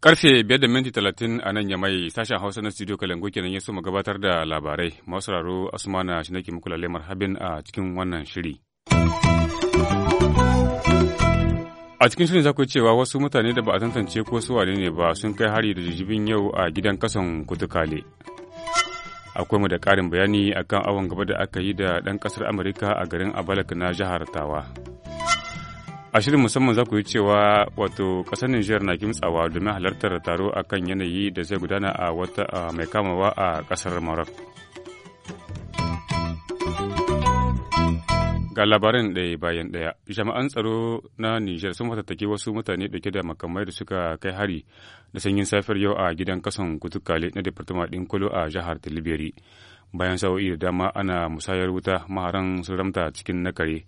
Karfe biyar da minti talatin a nan ya mai sashen Hausa na studio Kalangu kenan ya soma gabatar da labarai. Masu raro Asmana shi nake muku lalle marhabin a cikin wannan shiri. A cikin shirin za ku cewa wasu mutane da ba a tantance ko su wane ne ba sun kai hari da jijibin yau a gidan kasan kutukale. akwai mu da karin bayani akan awon gaba da aka yi da ɗan ƙasar amurka a garin abalak na jihar tawa a shirin musamman za ku yi cewa wato ƙasar niger na kimtsawa domin halartar taro akan yanayi da zai gudana a wata mai kamawa a ƙasar maroc Ga labarin ɗaya bayan ɗaya, jami'an tsaro na Nijar sun fatattaki wasu mutane ɗauke da makamai da suka kai hari da sanyin safiyar yau a gidan kasan kutukale na Departement ɗin Kolo a jihar Tilibiri. Bayan sa'o'i da dama ana musayar wuta maharan sun ramta cikin nakare,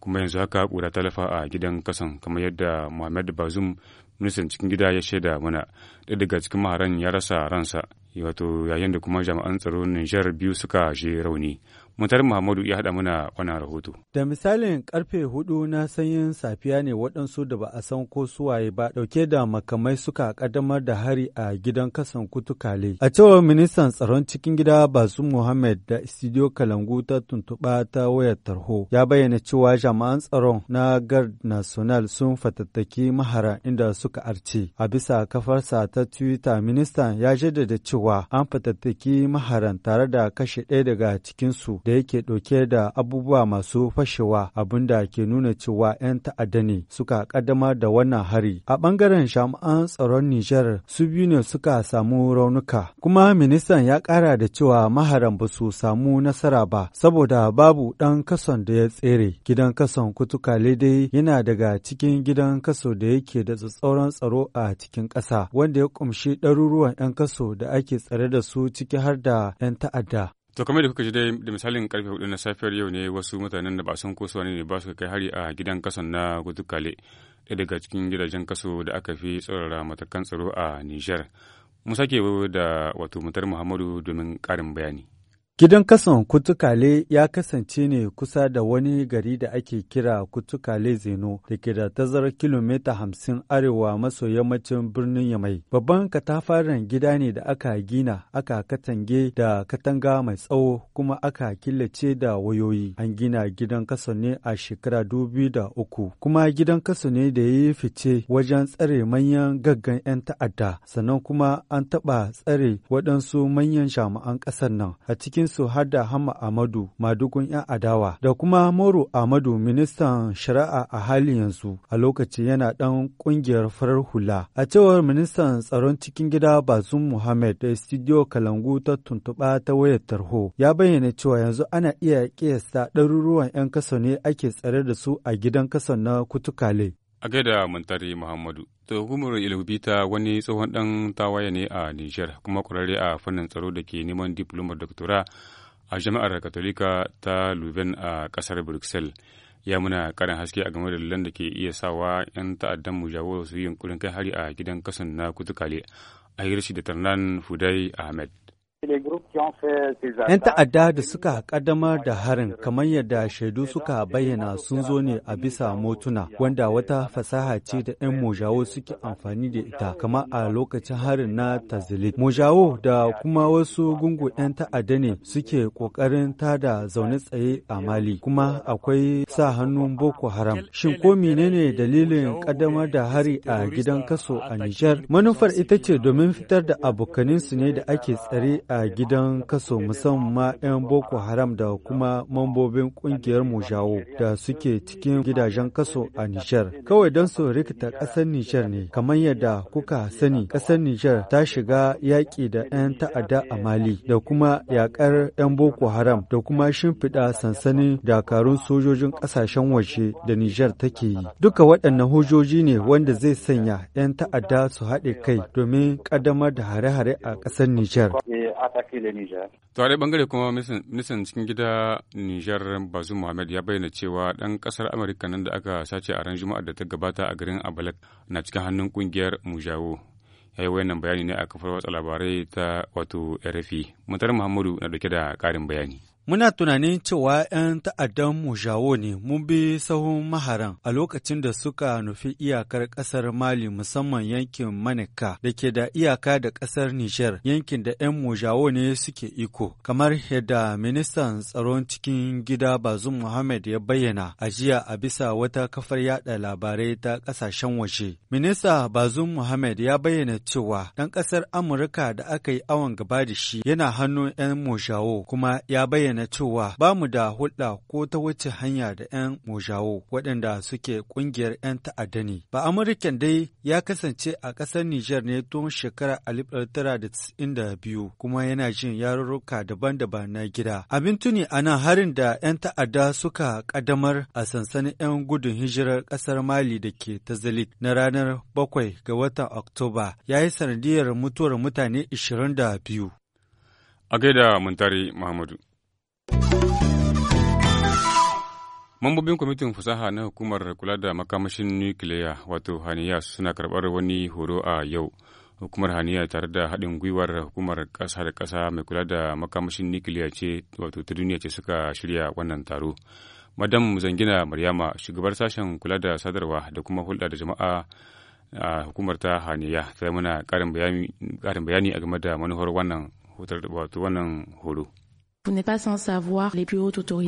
kuma yanzu haka ƙura talafa a gidan kasan kamar yadda Muhammad Bazum ministan cikin gida ya shaida mana ɗaya daga cikin maharan ya rasa ransa wato yayin da kuma jami'an tsaro Nijar biyu suka je rauni. Mutar Muhammadu ya haɗa muna wannan rahoto. Da misalin karfe hudu na sanyin safiya ne waɗansu da ba a san ko suwaye ba ɗauke da makamai suka ƙaddamar da hari a gidan kasan kutukale. A cewar ministan tsaron cikin gida Basu Muhammad da Studio Kalangu ta tuntuɓa ta wayar tarho ya bayyana cewa jami'an tsaron na Guard National sun fatattaki mahara inda suka arce. A bisa kafarsa ta Twitter ministan ya jaddada cewa an fatattaki maharan tare da kashe ɗaya daga cikinsu da yake ɗauke da abubuwa masu fashewa abin da ke nuna cewa 'yan ta'adda ne suka ƙaddamar da wannan hari. A ɓangaren jami'an tsaron Nijar su biyu ne suka samu raunuka. Kuma ministan ya ƙara da cewa maharan ba su samu nasara ba saboda babu ɗan kason da ya tsere. Gidan kason kutuka dai yana daga cikin gidan kaso da yake da tsatsauran tsaro a cikin ƙasa wanda ya ƙumshi ɗaruruwan 'yan kaso da ake tsare da su ciki har da 'yan ta'adda. To kamar da kuka ji dai da misalin karfe hudu na safiyar yau ne wasu mutanen da ba san ko ne ne ba su kai hari a gidan kasan na Gudukale da daga cikin gidajen kaso da aka fi tsorara matakan tsaro a Nijar. Mu sake da wato mutar Muhammadu domin karin bayani. Gidan kasan Kutukale ya kasance ne kusa da wani gari da ake kira Kutukale Zeno da ke da tazarar kilomita hamsin arewa maso yammacin birnin Yamai. Babban katafaren gida ne da aka gina aka katange da katanga mai tsawo kuma aka killace da wayoyi. An gina gidan kasa ne a shekara dubi da uku. Kuma gidan kasa ne da ya yi fice wajen tsare manyan gaggan 'yan ta'adda sannan kuma an taɓa tsare waɗansu manyan jami'an ƙasar nan a cikin su har da Hama Amadu, madugun 'yan adawa, da kuma Moro Amadu, ministan shari'a a halin yanzu, a lokaci yana ɗan ƙungiyar farar hula. A cewar ministan tsaron cikin gida Bazum Muhammad da Studio Kalangu ta tuntuɓa ta wayar tarho, ya bayyana cewa yanzu ana iya ƙiyasta ɗaruruwan 'yan kasa ne ake tsare da su a gidan kasa na Kutukale. a gaida mantari muhammadu tuhumar ilubita wani tsohon dan tawaye ne a niger kuma kurare a fannin tsaro da ke neman diplomar doctora a jami'ar katolika ta luven a kasar bruxelles ya muna karin haske a game da dalilan da ke iya sawa 'yan ta'addan mu jawo su yunkurin kai hari a gidan kasan na kutukale a hirshi da tarnan fudai ahmed 'Yan ta'adda da suka kaddamar da harin kamar yadda shaidu suka bayyana sun zo ne a bisa motuna wanda wata fasaha ce da 'yan mojawo suke amfani da ita kamar a lokacin harin na tazilit. Mojawo da kuma wasu gungu 'yan ta'adda ne suke kokarin da zaune tsaye a Mali kuma akwai sa hannun Boko Haram. Shin ko menene dalilin kaddamar da hari a gidan kaso a Nijar? Manufar ita ce domin fitar da abokaninsu ne da ake tsare a gidan kaso musamman 'yan Boko Haram da kuma mambobin kungiyar Mujawo da suke cikin gidajen kaso a Nijar. Kawai don su rikita ƙasar Nijar ne, kamar yadda kuka sani ƙasar Nijar ta shiga yaƙi da 'yan ta'adda a Mali da kuma yaƙar 'yan Boko Haram da kuma shimfiɗa sansanin dakarun sojojin ƙasashen waje da Nijar take yi. Duka waɗannan hujoji ne wanda zai sanya 'yan ta'adda su haɗe kai domin ƙaddamar da hare-hare a ƙasar Nijar. attaquer Niger. Tare bangare kuma ministan cikin gida Niger Bazoum Mohamed ya bayyana cewa dan kasar Amurka nan da aka sace a ran Juma'ar da ta gabata a garin Abalak na cikin hannun kungiyar Mujawo. Ya yi wayannan bayani ne a kafar watsa labarai ta wato RFI. Mutar Muhammadu na dauke da karin bayani. Muna tunanin cewa ‘yan ta'addan Mujawo ne mun bi sahun maharan a lokacin da suka nufi iyakar ƙasar Mali musamman yankin Manika da ke da iyaka da ƙasar Nijar yankin da ‘yan Mujawo ne suke iko. Kamar yadda ministan tsaron cikin gida Bazum Muhammad ya bayyana a jiya a bisa wata kafar yada labarai ta ƙasashen waje. Minista Bazum Muhammad ya bayyana cewa ɗan ƙasar Amurka da aka yi awon gaba da shi yana hannun ‘yan Mujawo kuma ya bayyana bayyana cewa ba mu da hulɗa ko ta wuce hanya da 'yan mojawo waɗanda suke ƙungiyar 'yan ta'adda ne. Ba Amurken dai ya kasance a ƙasar Nijar ne tun shekarar 1992 kuma yana jin yarurruka daban-daban na gida. Abin tuni a nan harin da 'yan ta'adda suka ƙaddamar a sansanin 'yan gudun hijirar ƙasar Mali da ke Tazalik na ranar 7 ga watan Oktoba ya yi sanadiyar mutuwar mutane 22. A gaida Muntari Muhammadu. Mambobin kwamitin fasaha na hukumar kula da makamashin nukiliya wato Haniya suna karɓar wani horo a yau. Hukumar Haniya tare da haɗin gwiwar hukumar ƙasa da ƙasa mai kula da makamashin nukiliya ce wato ta duniya ce suka shirya wannan taro. Madam Zangina Maryama shugabar sashen kula da sadarwa da kuma hulɗa da jama'a a hukumar ta Haniya ta mana ƙarin bayani a game da manuhar wannan wannan horo.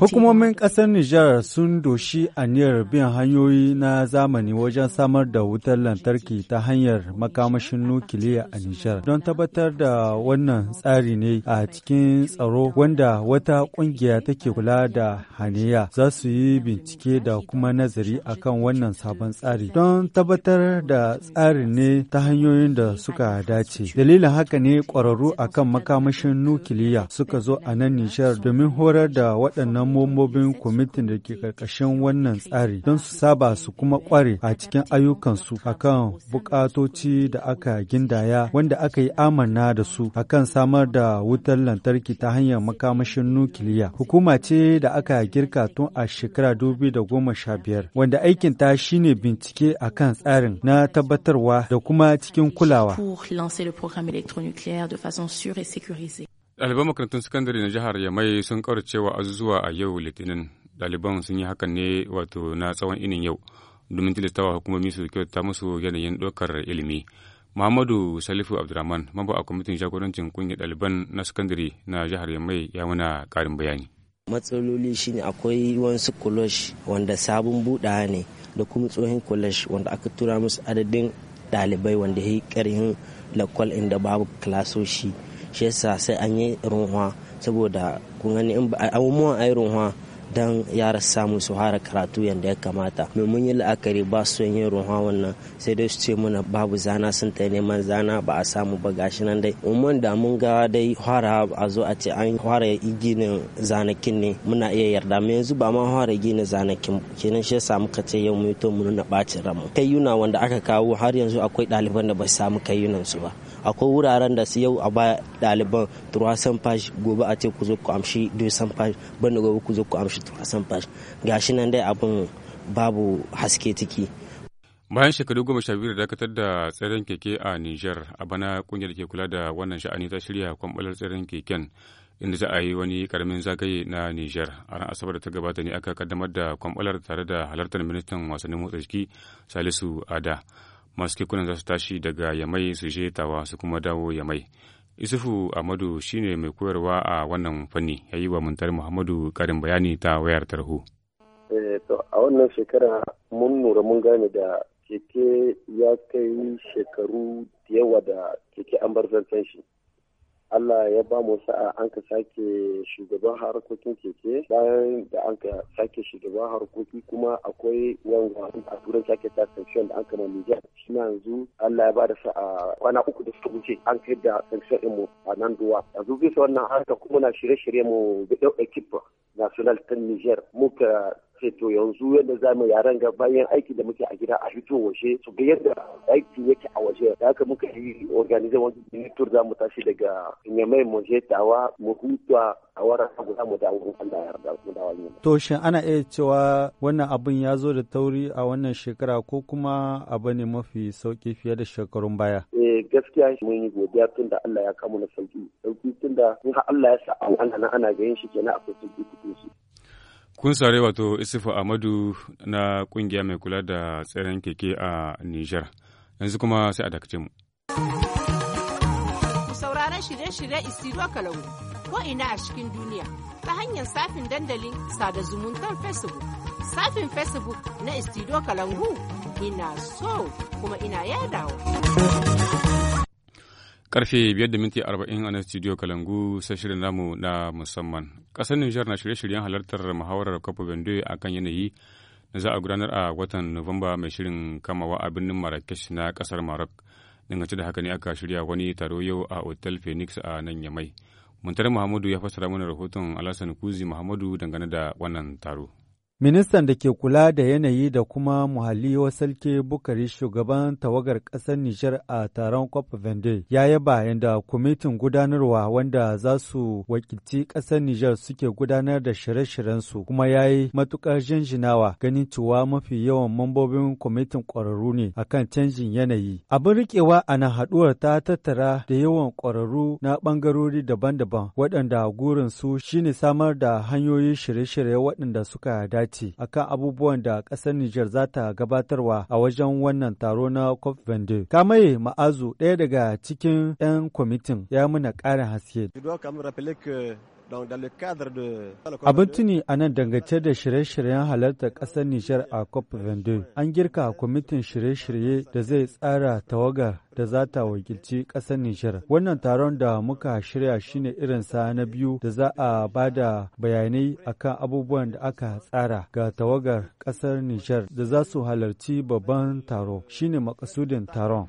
Hukumomin ƙasar Nijar sun doshi aniyar bin hanyoyi na zamani wajen samar da wutar lantarki ta hanyar makamashin nukiliya a Nijar don tabbatar da wannan tsari ne a cikin tsaro wanda wata ƙungiya take kula da haniya za su yi bincike da kuma nazari akan wannan sabon tsari don tabbatar da tsari ne ta hanyoyin da suka dace. Dalilin haka ne ƙwararru akan makamashin nukiliya suka zo a nan Nijar domin horar da waɗannan mambobin kwamitin da ke ƙarƙashin wannan tsari don su saba su kuma ƙware a cikin ayyukansu akan buƙatoci da aka gindaya wanda aka yi amana da su akan samar da wutar lantarki ta hanyar makamashin nukiliya. Hukuma ce da aka girka tun a shekara da goma sha biyar wanda aikin ta shine bincike akan tsarin na tabbatarwa da kuma cikin kulawa. le de Ɗaliban makarantun sakandare na jihar Yamai sun cewa azuzuwa a yau Litinin. Ɗaliban sun yi hakan ne wato na tsawon inin yau domin tilastawa hukumomi su kyauta musu yanayin ɗaukar ilimi. Muhammadu Salifu Abdurrahman, mamba a kwamitin jagorancin ƙungiyar ɗaliban na sakandare na jihar Yamai ya muna ƙarin bayani. Matsaloli shine akwai wasu kulosh wanda sabon buɗa ne da kuma tsohon kulosh wanda aka tura musu adadin ɗalibai wanda ya yi ƙarhin lakwal inda babu kilasoshi. shi yasa sai an yi runwa saboda kun gani in ba a yi runwa don yara samu su fara karatu yadda ya kamata mun yi la'akari ba su yin ruwa wannan sai dai su ce mana babu zana sun ta neman zana ba a samu ba gashi nan dai umman da mun ga dai fara a zo a ce an fara ginin zanakin ne muna iya yarda mu yanzu ba ma fara ginin zanakin kenan shi yasa muka ce yau mu to mu nuna bacin ramu kayyuna wanda aka kawo har yanzu akwai ɗaliban da ba samu kayyunan su ba akwai wuraren da su yau a baya ɗaliban turasan fash gobe a ce ku zo ku amshi dusan banda gobe ku zo ku amshi turasan fash gashi nan dai abin babu haske ciki bayan shekaru goma sha biyu da dakatar da tseren keke a niger a bana kungiyar ke kula da wannan sha'ani ta shirya kwamɓalar tseren keken inda za a yi wani karamin zagaye na niger A ran Asabar da ta gabata ne aka kaddamar da kwamɓalar tare da halartar ministan wasannin motsa jiki Salisu Ada. masu kekunan za su tashi daga yamai su je tawa su kuma dawo yamai isufu amadu shine mai koyarwa a wannan fanni ya yi wa muntar muhammadu karin bayani ta wayar tarho eh, a wannan shekara mun nura mun gane da keke ya kai shekaru da yawa da keke an bar zancen shi Allah ya ba mu sa'a an ka sake shugaban harkokin keke bayan da an ka sake shugaban harkoki kuma akwai wanga a turan sake ta sanction da an na Nijar shi yanzu Allah ya ba da sa'a kwana uku da suka wuce an kai da sanction din mu a nan duwa yanzu bisa wannan harka kuma na shirye-shirye mu da ekip national ta Nijar muka ce to yanzu yadda za mu yaran ga bayan aiki da muke a gida a fito waje su ga yadda aiki yake a waje da haka muka yi organize wani tour za mu tashi daga nyamai mu je tawa mu huta a wara guda mu dawo in Allah da yarda mu dawo ne to shin ana iya cewa wannan abun ya zo da tauri a wannan shekara ko kuma abu ne mafi sauki fiye da shekarun baya eh gaskiya mun yi godiya tun da Allah ya kamu na sauki sauki tun da in Allah ya sa ana ana ganin shi kenan akwai sauki cikin shi Kun sare wato Isufu amadu na kungiya mai kula da tseren keke a Nijar. Yanzu kuma sai a dakace mu. Sauraron shirye-shirye Isiro Kalangu ko ina a cikin duniya ta hanyar safin dandalin sada zumuntar Facebook. Safin Facebook na Isiro Kalangu ina so kuma ina yadawa. Karfe biyar da minti arba'in a nan studio Kalangu sai shirin namu na musamman. Ƙasar Nijar na shirye-shiryen halartar muhawarar kafa bendo a kan yanayi na za a gudanar a watan Nuwamba mai shirin kamawa a birnin Marrakesh na ƙasar Maroc. Dangance da haka ne aka shirya wani taro yau a Otal Phoenix a nan Yamai. Muntar Muhammadu ya fassara mana rahoton Alhassan Kuzi Muhammadu dangane da wannan taro. Ministan da ke kula da yanayi da kuma muhalli Wasalke Bukari shugaban tawagar ƙasar Nijar a taron COP Vende ya bayan da kwamitin gudanarwa wanda za su wakilci ƙasar Nijar suke gudanar da shirye shiryen su kuma ya yi matuƙar jinjinawa ganin cewa mafi yawan mambobin kwamitin ƙwararru ne akan canjin yanayi. Abin riƙewa a nan haɗuwar ta tattara da yawan ƙwararru na ɓangarori daban-daban waɗanda gurinsu shine samar da hanyoyin shirye-shirye waɗanda suka dace. gwamnati akan abubuwan da ƙasar Nijar za ta gabatarwa a wajen wannan taro na COP22. Kamaye Ma'azu ɗaya daga cikin 'yan kwamitin ya muna ƙarin haske. Abin tuni a nan dangance da shirye-shiryen halartar ƙasar Nijar a COP22, an girka kwamitin shirye-shirye da zai tsara tawagar da za ta wakilci ƙasar Nijar. Wannan taron da muka shirya shine irin sa na biyu da za a ba da bayanai akan abubuwan da aka tsara ga tawagar kasar Nijar da za su halarci babban taro shine makasudin taron.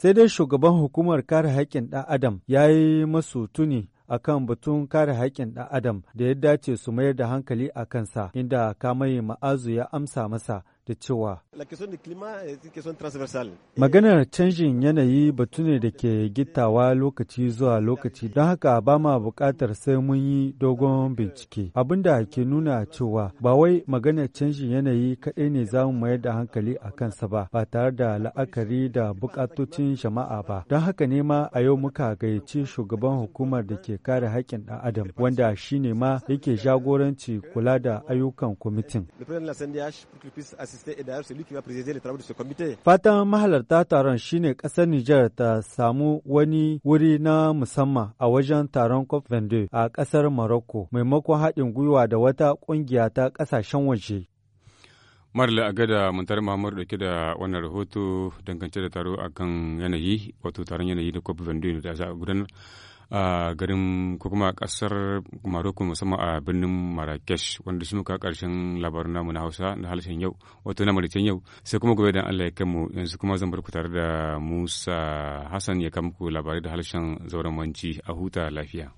sai dai shugaban hukumar kare haƙƙin ɗan adam ya yi masu tuni kan batun kare haƙƙin ɗan adam da ya dace su mayar da hankali a kansa inda kamai ma'azu ya amsa masa da cewa eh, maganar canjin yanayi batu ne da ke gittawa lokaci zuwa lokaci don haka ba ma bukatar sai mun yi dogon bincike abin da ke nuna cewa ba wai maganar canjin yanayi kaɗai ne za mu mayar da hankali a kansa ba ba tare da la'akari da buƙatocin jama'a ba don haka ne ma a yau muka gayyaci shugaban hukumar da ke kare haƙƙin ɗan adam wanda shi ne ma yake jagoranci kula da ayyukan kwamitin. assister et d'ailleurs lui qui va présider les travaux de ce comité. Fatan mahalarta taron shine kasar niger ta samu wani wuri na musamman a wajen taron COP22 a kasar Morocco maimakon haɗin gwiwa da wata ƙungiya ta ƙasashen waje. marla a gada muntar muhammadu dauke da wannan rahoto dangance da taro akan yanayi wato taron yanayi da cop 22 da za a gudanar a garin ko kuma kasar Maroko musamman a birnin Marrakesh wanda shi muka karshen labarin namu na Hausa na halshen yau wato na maritain yau sai kuma gobe dan Allah ya kai mu yanzu kuma zan bar tare da Musa Hassan ya kama ku labarai da halshen zauren manci a huta lafiya.